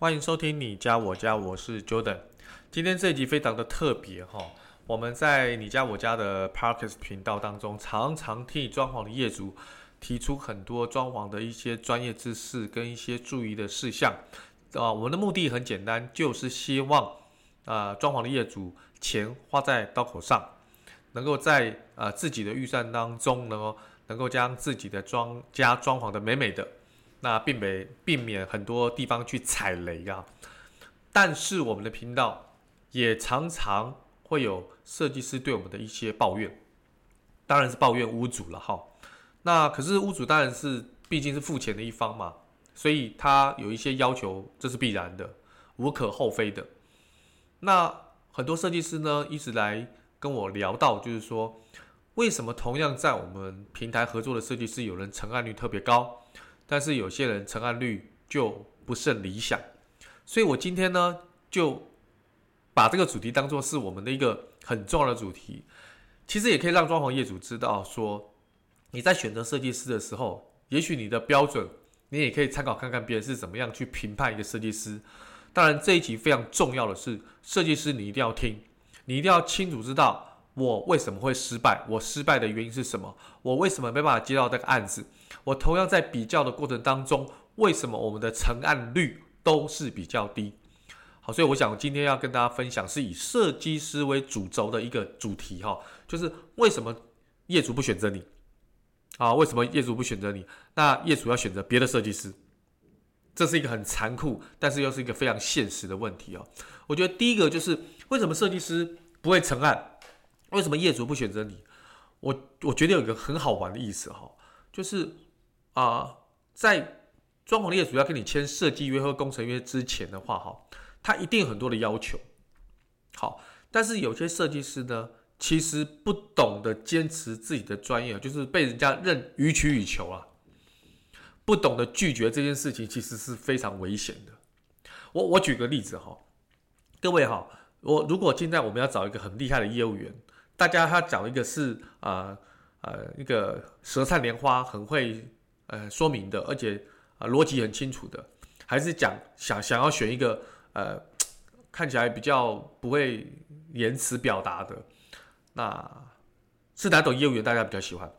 歡迎收聽你家我家，我是 Jordan。今天這一集非常的特別哈，我們在你家我家的 Parkers 頻道當中，常常替裝潢的業主提出很多裝潢的一些專業知識跟一些注意的事項啊。我們的目的很簡單，就是希望啊、呃，裝潢的業主錢花在刀口上，能夠在啊、呃，自己的預算當中，能夠能夠將自己的裝家裝潢的美美的。那並沒避免很多地方去踩雷啊，但是我們的頻道也常常會有設計師對我們的一些抱怨，當然是抱怨屋主了哈。那可是屋主當然是畢竟是付錢的一方嘛，所以他有一些要求，這是必然的，無可厚非的。那很多設計師呢一直來跟我聊到，就是說為什麼同樣在我們平台合作的設計師，有人成案率特別高？但是有些人成案率就不甚理想，所以我今天呢就把這個主題當做是我們的一個很重要的主題。其實也可以讓裝潢業主知道說，你在選擇設計師的時候，也許你的標準你也可以參考看看別人是怎麼樣去評判一個設計師。當然這一集非常重要的是，設計師你一定要聽，你一定要清楚知道。我為什麼會失敗？我失敗的原因是什麼？我為什麼沒辦法接到這個案子？我同樣在比較的過程當中，為什麼我們的成案率都是比較低？好，所以我想我今天要跟大家分享是以設計師為主軸的一個主題哈，就是為什麼業主不選擇你？啊，為什麼業主不選擇你？那業主要選擇別的設計師，這是一個很殘酷，但是又是一個非常現實的問題哦。我覺得第一個就是為什麼設計師不會成案？為什麼業主不選擇你？我我覺得有一個很好玩的意思哈，就是啊、呃，在裝潢的業主要跟你簽設計約或工程約之前的話哈，他一定有很多的要求。好，但是有些設計師呢，其實不懂得堅持自己的專業，就是被人家認予取予求啊，不懂得拒絕這件事情，其實是非常危險的。我我舉個例子哈，各位哈，我如果現在我們要找一個很厲害的業務員。大家他講一個是啊、呃，呃一個舌燦蓮花，很會呃說明的，而且啊、呃、邏輯很清楚的，還是講想想要選一個呃看起來比較不會言辭表達的，那是哪種業務員大家比較喜歡？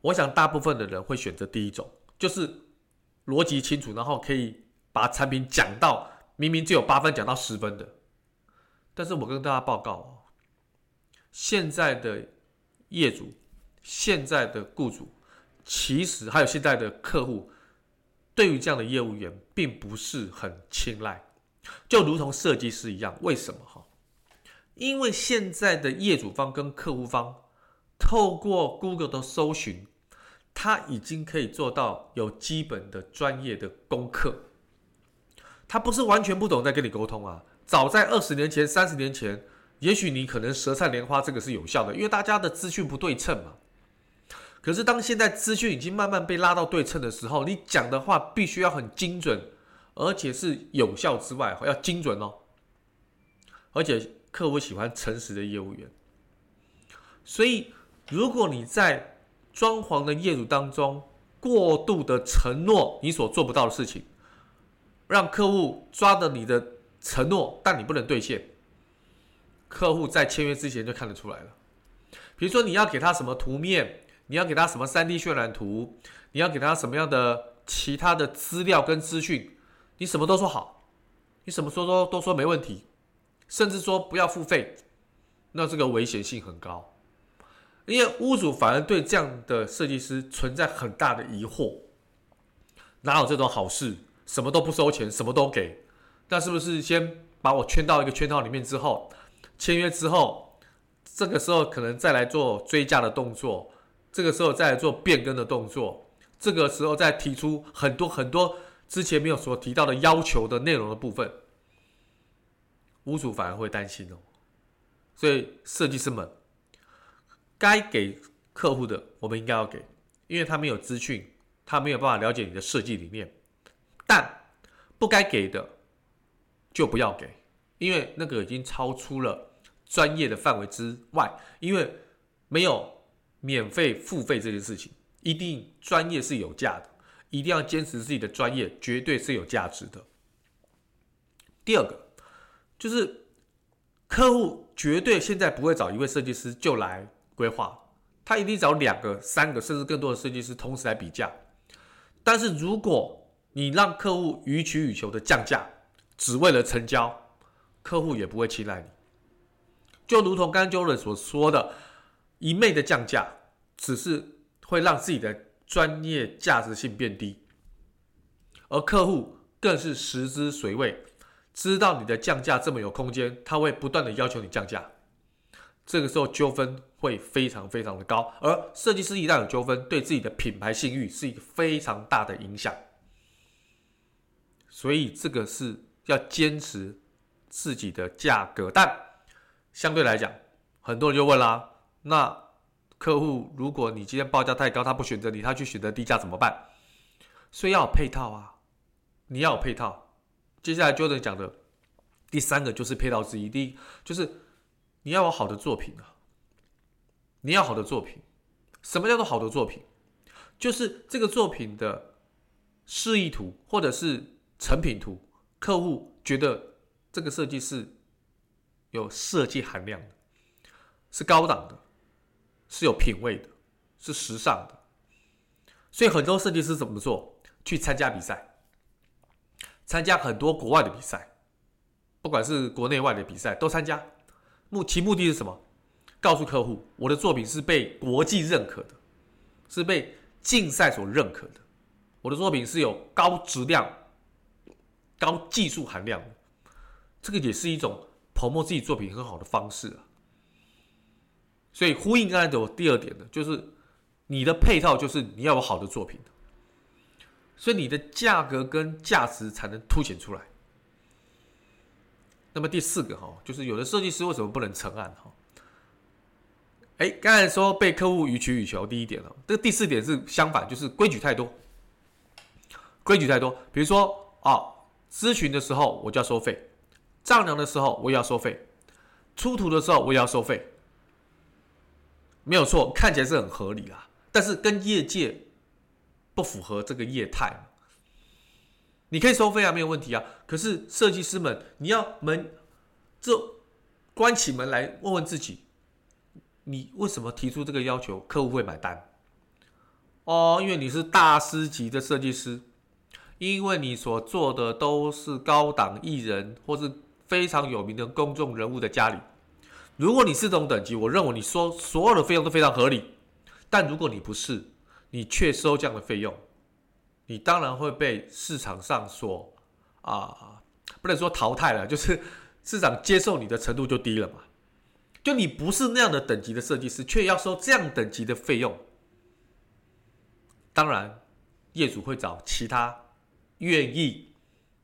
我想大部分的人會選擇第一種，就是邏輯清楚，然後可以把產品講到明明只有八分講到十分的。但是我跟大家報告。現在的業主、現在的僱主，其實還有現在的客戶，對於這樣的業務員並不是很青睞，就如同設計師一樣。為什麼哈？因為現在的業主方跟客戶方，透過 Google 的搜尋，他已經可以做到有基本的專業的功課，他不是完全不懂在跟你溝通啊。早在20年前、30年前。也許你可能舌燦蓮花，這個是有效的，因為大家的資訊不對稱嘛。可是當現在資訊已經慢慢被拉到對稱的時候，你講的話必須要很精準，而且是有效之外，還要精準哦。而且客戶喜歡誠實的業務員，所以如果你在裝潢的業主當中過度的承諾你所做不到的事情，讓客戶抓着你的承諾，但你不能兌現。客戶在簽約之前就看得出來了。比如說，你要給他什麼圖面，你要給他什麼三 D 渲染圖，你要給他什麼樣的其他的資料跟資訊，你什麼都說好，你什麼都說說都，都說沒問題，甚至說不要付費，那這個危險性很高，因為屋主反而對這樣的設計師存在很大的疑惑。哪有這種好事？什麼都不收錢，什麼都給？那是不是先把我圈到一個圈套裡面之後？簽約之後，這個時候可能再來做追加的動作，這個時候再來做變更的動作，這個時候再提出很多很多之前沒有所提到的要求的內容的部分，屋主反而會擔心哦、喔。所以設計師們，該給客戶的我們應該要給，因為他沒有資訊，他沒有辦法了解你的設計理念。但不該給的就不要給，因為那個已經超出了。專業的範圍之外，因為沒有免費付費這件事情，一定專業是有價的，一定要堅持自己的專業，絕對是有價值的。第二個就是客戶絕對現在不會找一位設計師就來規劃，他一定找兩個、三個甚至更多的設計師同時來比價。但是如果你讓客戶予取予求的降價，只為了成交，客戶也不會青睞你。就如同剛剛 John 所說的，一味的降價，只是會讓自己的專業價值性變低，而客戶更是食髓知味，知道你的降價這麼有空間，他會不斷的要求你降價，這個時候糾紛會非常非常的高，而設計師一旦有糾紛，對自己的品牌信譽是一個非常大的影響，所以這個是要堅持自己的價格但。相對來講，很多人就問啦，那客戶如果你今天報價太高，他不選擇你，他去選擇低價怎麼辦？所以要有配套啊，你要有配套。接下來 Jordan 講的第三個就是配套之一，第一，就是你要有好的作品啊，你要好的作品。什麼叫做好的作品？就是這個作品的示意圖或者是成品圖，客戶覺得這個設計是。有設計含量的，是高檔的，是有品味的，是時尚的。所以很多設計師怎麼做？去參加比賽，參加很多國外的比賽，不管是國內外的比賽都參加。目其目的是什麼？告訴客戶，我的作品是被國際認可的，是被競賽所認可的。我的作品是有高質量、高技術含量的，這個也是一種。琢磨自己作品很好的方式啊，所以呼應剛才的第二點呢，就是你的配套，就是你要有好的作品，所以你的價格跟價值才能凸顯出來。那麼第四個哈，就是有的設計師為什麼不能成案哈？哎，剛才說被客戶予取予求，第一點了，這個第四點是相反，就是規矩太多，規矩太多，比如說啊，諮詢的時候我就要收費。丈量的時候我也要收費，出圖的時候我也要收費，沒有錯，看起來是很合理啊。但是跟業界不符合這個業態，你可以收費啊，沒有問題啊。可是設計師們，你要門這關起門來問問自己，你為什麼提出這個要求，客戶會買單？哦，因為你是大師級的設計師，因為你所做的都是高檔藝人或是。非常有名的公眾人物的家裡，如果你是這種等級，我認為你說所有的費用都非常合理。但如果你不是，你卻收這樣的費用，你當然會被市場上所，啊，不能說淘汰了，就是市場接受你的程度就低了嘛。就你不是那樣的等級的設計師，卻要收這樣等級的費用，當然業主會找其他願意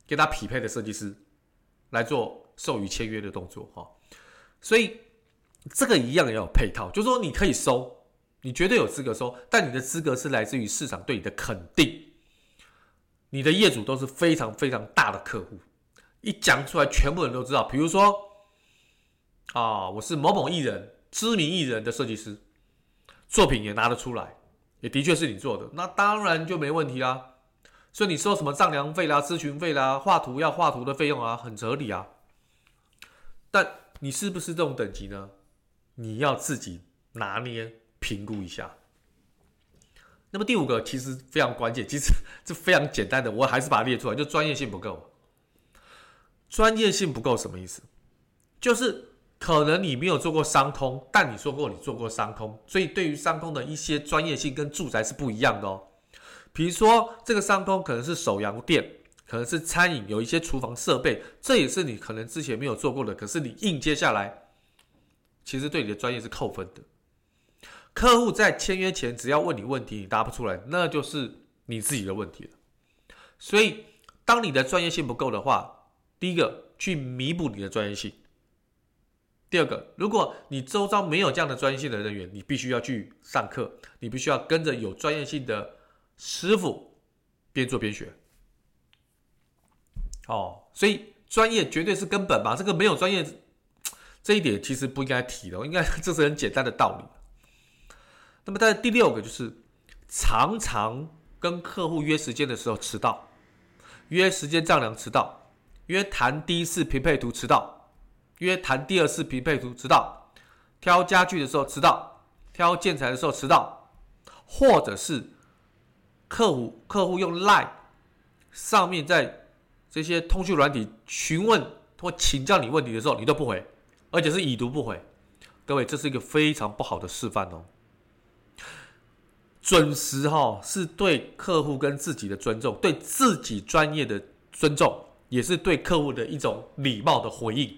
跟他匹配的設計師來做授予簽約的動作哈，所以這個一樣也有配套，就是說你可以收，你絕對有資格收，但你的資格是來自於市場對你的肯定。你的業主都是非常非常大的客戶，一講出來，全部人都知道。比如說，啊，我是某某藝人知名藝人的設計師，作品也拿得出來，也的確是你做的，那當然就沒問題啦，啊。所以你收什麼丈量費啦、諮詢費啦、畫圖要畫圖的費用啊，很合理啊。但你是不是這種等級呢？你要自己拿捏評估一下。那麼第五個其實非常關鍵，其實這非常簡單的，我還是把它列出來，就專業性不夠。專業性不夠什麼意思？就是可能你沒有做過商空，但你說過你做過商空，所以對於商空的一些專業性跟住宅是不一樣的哦。比如說，這個商空可能是手搖店，可能是餐飲，有一些廚房設備，這也是你可能之前沒有做過的。可是你硬接下來，其實對你的專業是扣分的。客戶在簽約前只要問你問題，你答不出來，那就是你自己的問題了。所以，當你的專業性不夠的話，第一個去彌補你的專業性。第二個，如果你周遭沒有這樣的專業性的人員，你必須要去上課，你必須要跟着有專業性的。師傅邊做邊學，哦，所以專業絕對是根本嘛。這個沒有專業這一點，其實不應該提的，應該這是很簡單的道理。那麼，但是第六個就是常常跟客戶約時間的時候遲到，約時間丈量遲到，約談第一次平配圖遲到，約談第二次平配圖遲到，挑家具的時候遲到，挑建材的時候遲到，到，或者是。客戶客戶用 Line 上面在這些通訊軟體詢問或請教你問題的時候，你都不回，而且是已讀不回。各位，這是一個非常不好的示範哦。準時哈是對客戶跟自己的尊重，對自己專業的尊重，也是對客戶的一種禮貌的回應。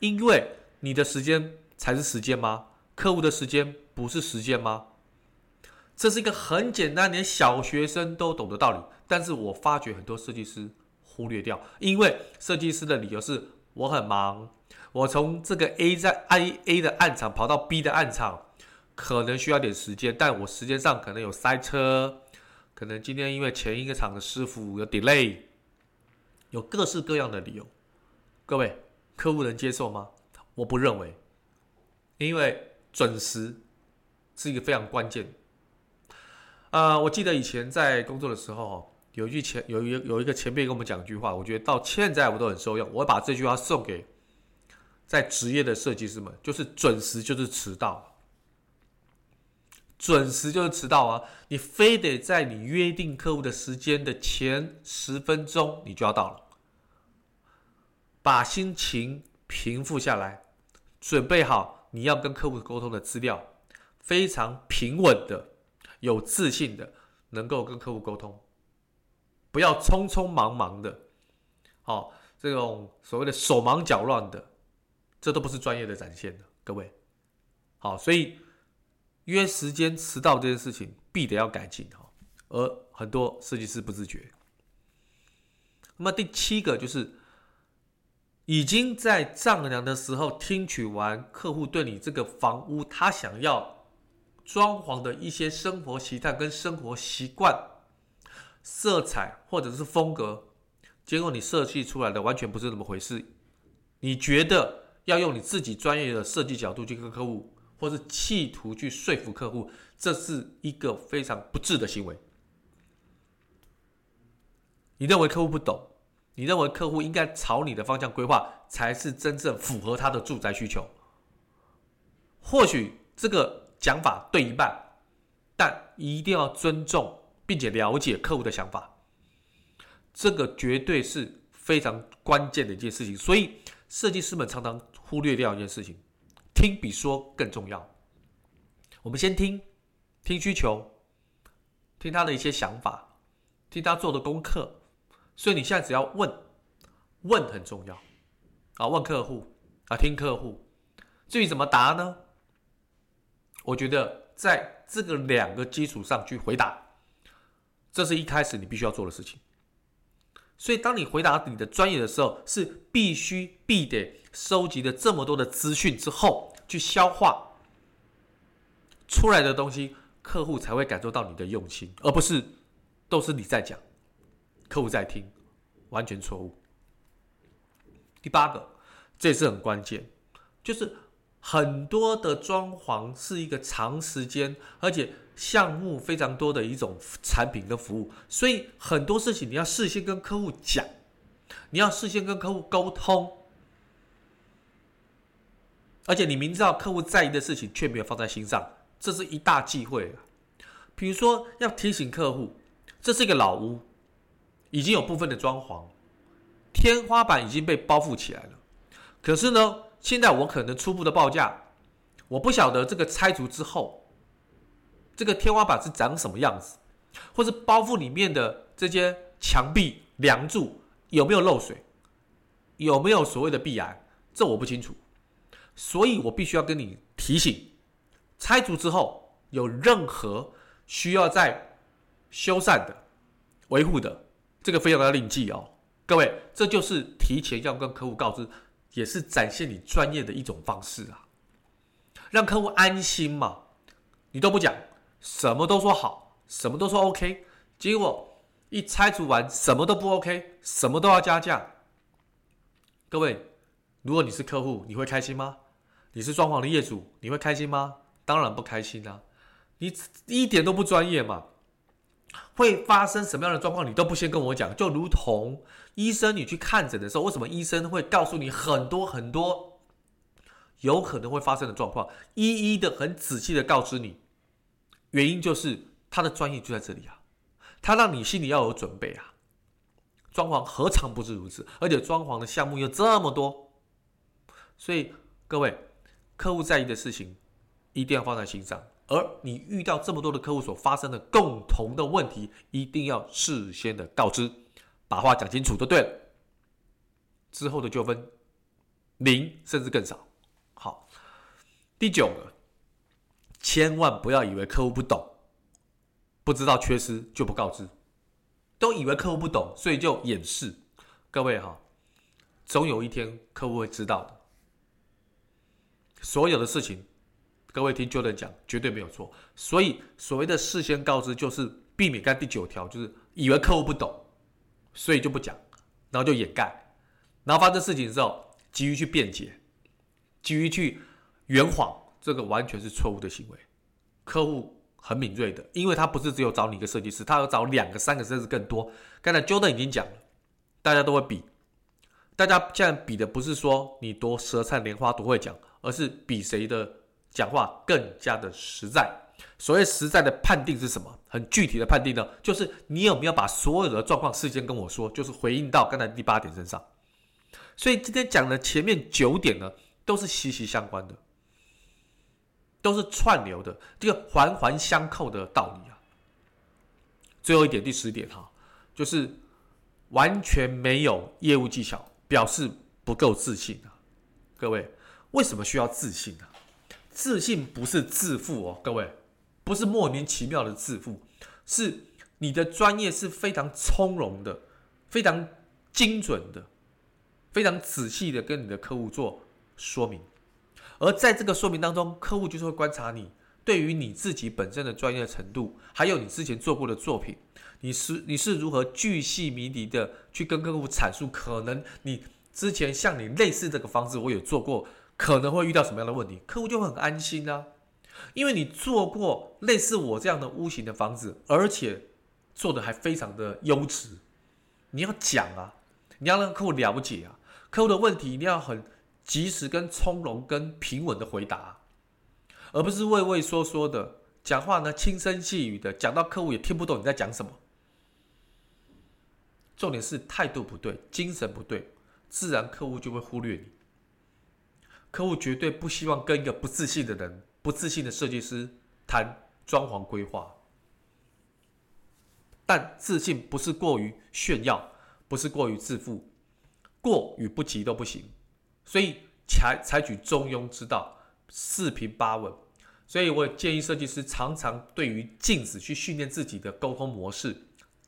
因為你的時間才是時間嗎？客戶的時間不是時間嗎？這是一個很簡單，連小學生都懂的道理。但是我發覺很多設計師忽略掉，因為設計師的理由是我很忙，我從這個 A 在 IA 的暗場跑到 B 的暗場，可能需要點時間，但我時間上可能有塞車，可能今天因為前一個場的師傅有 delay，有各式各樣的理由。各位，客戶能接受嗎？我不認為，因為準時是一個非常關鍵。呃，我記得以前在工作的時候，有一句前有一有一個前輩跟我們講一句話。我覺得到現在我都很受用。我把這句話送給在職業的設計師們，就是準時就是遲到，準時就是遲到啊！你非得在你約定客戶的時間的前十分鐘，你就要到了，把心情平復下來，準備好你要跟客戶溝通的資料，非常平穩的。有自信的，能夠跟客戶溝通，不要匆匆忙忙的，好，這種所謂的手忙腳亂的，這都不是專業的展現的，各位，好，所以約時間遲到這件事情，必得要改進啊，而很多設計師不自覺。那麼第七個就是，已經在丈量的時候，聽取完客戶對你這個房屋他想要。裝潢的一些生活習慣跟生活習慣、色彩或者是風格，結果你設計出來的完全不是那麼回事。你覺得要用你自己專業的設計角度去跟客戶，或是企圖去說服客戶，這是一個非常不智的行為。你認為客戶不懂，你認為客戶應該朝你的方向規劃，才是真正符合他的住宅需求。或許這個。想法對一半，但一定要尊重並且了解客戶的想法，這個絕對是非常關鍵的一件事情。所以設計師們常常忽略掉一件事情，聽比說更重要。我們先聽聽需求，聽他的一些想法，聽他做的功課。所以你現在只要問，問很重要啊，問客戶啊，聽客戶。至於怎麼答呢？我覺得在這個兩個基礎上去回答，這是一開始你必須要做的事情。所以，當你回答你的專業的時候，是必須必得收集了這麼多的資訊之後，去消化出來的東西，客戶才會感受到你的用心，而不是都是你在講，客戶在聽，完全錯誤。第八個，這也是很關鍵，就是。很多的裝潢是一個長時間，而且項目非常多的一種產品跟服務，所以很多事情你要事先跟客戶講，你要事先跟客戶溝通，而且你明知道客戶在意的事情，卻沒有放在心上，這是一大忌諱啊。比如說，要提醒客戶，這是一個老屋，已經有部分的裝潢，天花板已經被包覆起來了，可是呢，現在我可能初步的報價，我不曉得這個拆除之後這個天花板是長什麼樣子，或是包覆裡面的這些牆壁、梁柱有沒有漏水，有沒有所謂的壁癌，這我不清楚，所以我必須要跟你提醒，拆除之後有任何需要再修繕的、維護的，這個非常要另計哦，各位，這就是提前要跟客戶告知。也是展現你專業的一種方式啊，讓客戶安心嘛。你都不講，什麼都說好，什麼都說 OK，結果一拆除完，什麼都不 OK，什麼都要加價。各位，如果你是客戶，你會開心嗎？你是裝潢的業主，你會開心嗎？當然不開心啦、啊，你一點都不專業嘛。會發生什麼樣的狀況，你都不先跟我講，就如同醫生你去看診的時候，為什麼醫生會告訴你很多很多有可能會發生的狀況，一一的很仔細的告知你？原因就是他的專業就在這裡啊，他讓你心裡要有準備啊。裝潢何嘗不是如此？而且裝潢的項目又這麼多，所以各位客戶在意的事情，一定要放在心上。而你遇到這麼多的客戶所發生的共同的問題，一定要事先的告知，把話講清楚就對了。之後的糾紛，零甚至更少。好，第九個，千萬不要以為客戶不懂，不知道缺失就不告知，都以為客戶不懂，所以就掩飾。各位哈，總有一天客戶會知道的。所有的事情。各位聽 Jordan 講，絕對沒有錯。所以所謂的事先告知，就是避免。剛第九條，就是以為客戶不懂，所以就不講，然後就掩蓋，然後發生事情之後，急於去辯解，急於去圓謊，這個完全是錯誤的行為。客戶很敏銳的，因為他不是只有找你一個設計師，他要找兩個、三個甚至更多。剛才 Jordan 已經講了，大家都會比，大家現在比的不是說你多舌燦蓮花、多會講，而是比誰的，講話更加的實在。所謂實在的判定是什麼？很具體的判定呢，就是你有沒有把所有的狀況事先跟我說，就是回應到剛才第八點身上。所以今天講的前面九點呢，都是息息相關的，都是串流的，這個環環相扣的道理啊。最後一點，第十點哈、啊,就是完全沒有業務技巧，表示不夠自信啊。各位，為什麼需要自信呢、啊？自信不是自負哦，各位，不是莫名其妙的自負，是你的專業是非常從容的、非常精準的、非常仔細的跟你的客戶做說明。而在這個說明當中，客戶就是會觀察你對於你自己本身的專業程度，還有你之前做過的作品，你是你是如何巨細靡遺的去跟客戶闡述，可能你之前像你類似這個房子，我有做過。可能會遇到什麼樣的問題，客戶就會很安心啊，因為你做過類似我這樣的屋型的房子，而且做的還非常的優質。你要講啊，你要讓客戶了解啊，客戶的問題一定要很及時、跟從容、跟平穩的回答，而不是畏畏縮縮的講話呢，輕聲細語的，講到客戶也聽不懂你在講什麼。重點是態度不對，精神不對，自然客戶就會忽略你。客戶絕對不希望跟一個不自信的人、不自信的設計師談裝潢規劃。但自信不是過於炫耀，不是過於自負，過與不及都不行。所以採採取中庸之道，四平八穩。所以我也建議設計師常常對於鏡子去訓練自己的溝通模式、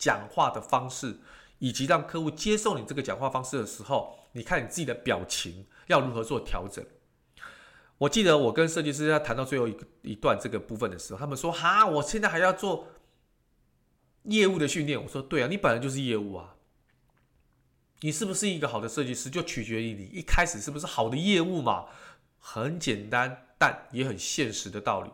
講話的方式，以及讓客戶接受你這個講話方式的時候，你看你自己的表情要如何做調整。我記得我跟設計師要談到最後一個一段這個部分的時候，他們說：“哈，我現在還要做業務的訓練。”我說：“對啊，你本來就是業務啊，你是不是一個好的設計師，就取決於你一開始是不是好的業務嘛？很簡單，但也很現實的道理。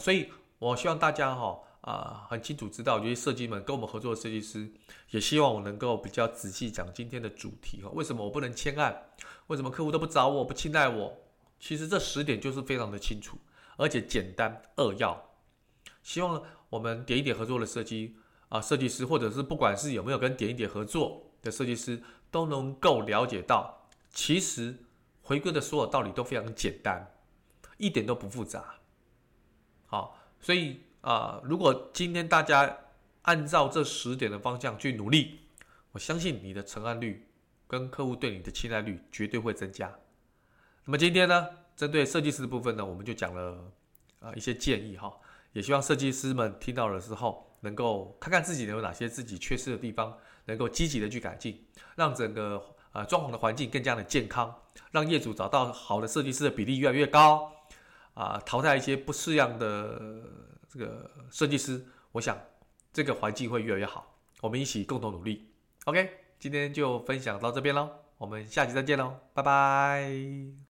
所以我希望大家哈。”啊，很清楚知道，有些設計們跟我們合作的設計師，也希望我能夠比較仔細講今天的主題哈。為什麼我不能簽案？為什麼客戶都不找我，不青睞我？其實這十點就是非常的清楚，而且簡單扼要。希望我們點一點合作的設計啊，設計師或者是不管是有沒有跟點一點合作的設計師，都能夠了解到，其實回歸的所有道理都非常簡單，一點都不複雜。好，所以。啊！如果今天大家按照這十點的方向去努力，我相信你的成案率跟客戶對你的期待率絕對會增加。那麼今天呢，針對設計師的部分呢，我們就講了啊一些建議哈，也希望設計師們聽到了之後，能夠看看自己能有哪些自己缺失的地方，能夠積極的去改進，讓整個啊裝潢的環境更加的健康，讓業主找到好的設計師的比例越來越高，啊淘汰一些不適當的。這個設計師，我想這個環境會越來越好，我們一起共同努力。OK，今天就分享到這邊嘍，我們下期再見嘍，拜拜。